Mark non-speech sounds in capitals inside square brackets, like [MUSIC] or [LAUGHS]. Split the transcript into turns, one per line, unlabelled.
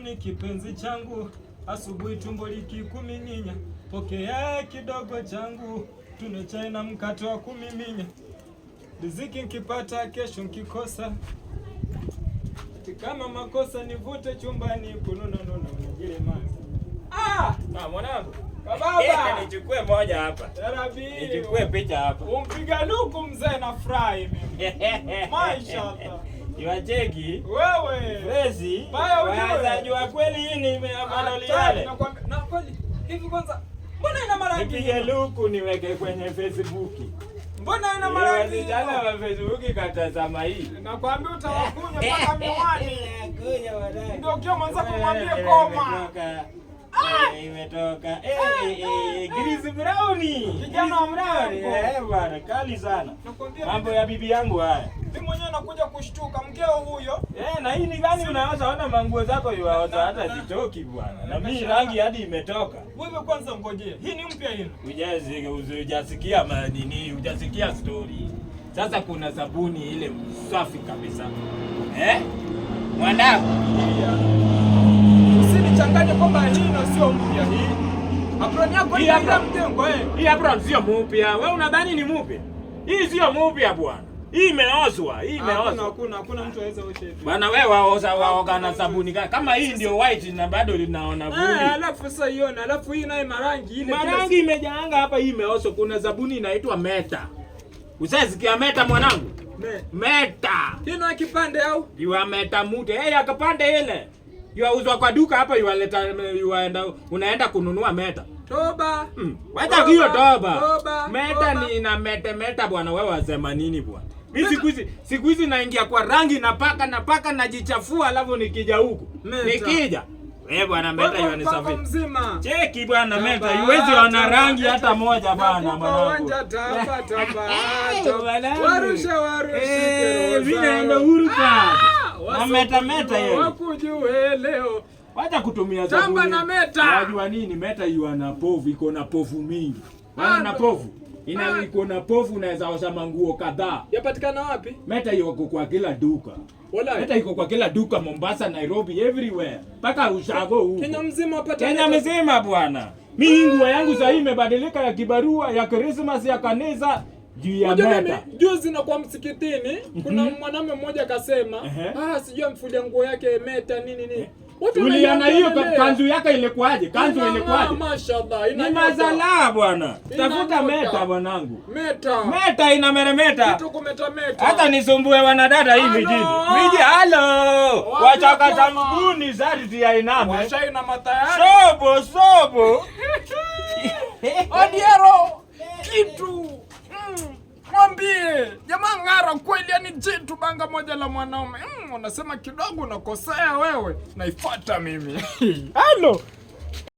ni kipenzi changu, asubuhi tumbo likikuminya, pokea kidogo changu, tune chai na mkate wa kumiminya. Riziki nkipata, kesho nkikosa, kama makosa nivute chumbani kununa nuna mwingine mazi.
Ah, na ah, mwanangu Kababa,
nichukue moja hapa. Nichukue picha hapa.
Umpiga luku mzee na fry
mimi. [LAUGHS]
Mashaallah.
Iwacheki
wewe wezi baya, waanza
jua kweli hii ni ah, maloli yale.
Na kweli hivi kwanza mbona ina mara nyingi?
Nipige luku niweke kwenye Facebook.
Mbona ina mara nyingi?
jana wa Facebook katazama hii.
Nakwambia utawakunya [LAUGHS] mpaka miwani. Ndio kio mwanza kumwambia koma.
Imetoka. Ah! Eh, ah! eh, eh, Grease Brown.
Kijana wa Brown.
Eh bwana, kali sana. Mambo ya bibi yangu haya
mwenyewe nakuja kushtuka mkeo huyo.
Eh, na hii ni gani unaweza ona manguo zako yuaoza hata zitoki bwana. Na mimi rangi hadi imetoka.
Wewe kwanza ngojee. Hii ni mpya hii.
Ujazi hujasikia nini? Ujasikia story. Sasa kuna sabuni ile safi kabisa. Eh? Mwanangu.
Usinichanganye kwamba hii ndio sio mpya hii. Apron yako ni ile mtengo eh.
Hii apron sio mpya. Wewe unadhani ni mpya? Hii sio mpya bwana. Hii imeozwa, hii imeozwa.
Hakuna hakuna mtu anaweza osha hivi.
Bana wewe waoza waoga na sabuni gani? Kama hii ndio white na bado linaona eh, vumbi.
Ah, alafu sasa iona, alafu hii naye marangi
ile. Marangi imejaanga hapa hii imeozwa. Kuna sabuni inaitwa Meta. Usaisikia Meta mwanangu? Me. Meta.
ni kipande au?
Iwa Meta mute. Eh, hey, akapande ile. Yauzwa kwa duka hapa yualeta yuaenda unaenda kununua Meta.
Toba. Hmm.
Wacha hiyo toba. toba. Meta toba. ni na mete meta bwana wewe wasema nini bwana? Mimi siku hizi siku hizi naingia kwa rangi napaka napaka najichafua alafu nikija huku. Nikija. Eh, bwana Meta hiyo ni safi. Cheki bwana Meta, huwezi ona rangi hata moja bwana mwanangu.
Tapa tapa. [LAUGHS] Warusha warusha.
Eh, mimi naenda huru ah, kwa. Na Meta Meta yeye.
Wakujue leo.
Wacha kutumia Tamba na Meta. Unajua nini Meta yu ana povu, iko na povu mingi. Ana povu. Ina ah. na pofu unaweza osha manguo kadhaa.
Yapatikana wapi?
Meta iko kwa kila duka. Wala. Meta iko kwa kila duka Mombasa, Nairobi, everywhere. Paka ushago huko.
Kenya mzima hapata.
Kenya mzima bwana. Mimi nguo yangu sasa imebadilika ya kibarua, ya Christmas, ya kanisa. Juu ya Meta.
Juzi na kwa msikitini kuna mhm. mwanamume mmoja akasema, "Ah, sijui amfulia nguo yake Meta nini nini." Eh.
Uliona hiyo kanzu yake ilikuwaje? Kanzu ilikuwaje? Ni mazala bwana. Tafuta meta bwanangu. Meta. Meta ina meremeta. meta. Hata nisumbue wanadada hii mijini. Miji halo. Wachaka za zari ya iname.
ina matayari.
Sobo sobo. [LAUGHS]
[LAUGHS] Odiero janga moja la mwanaume mm, unasema kidogo unakosea wewe, naifuata mimi [LAUGHS] halo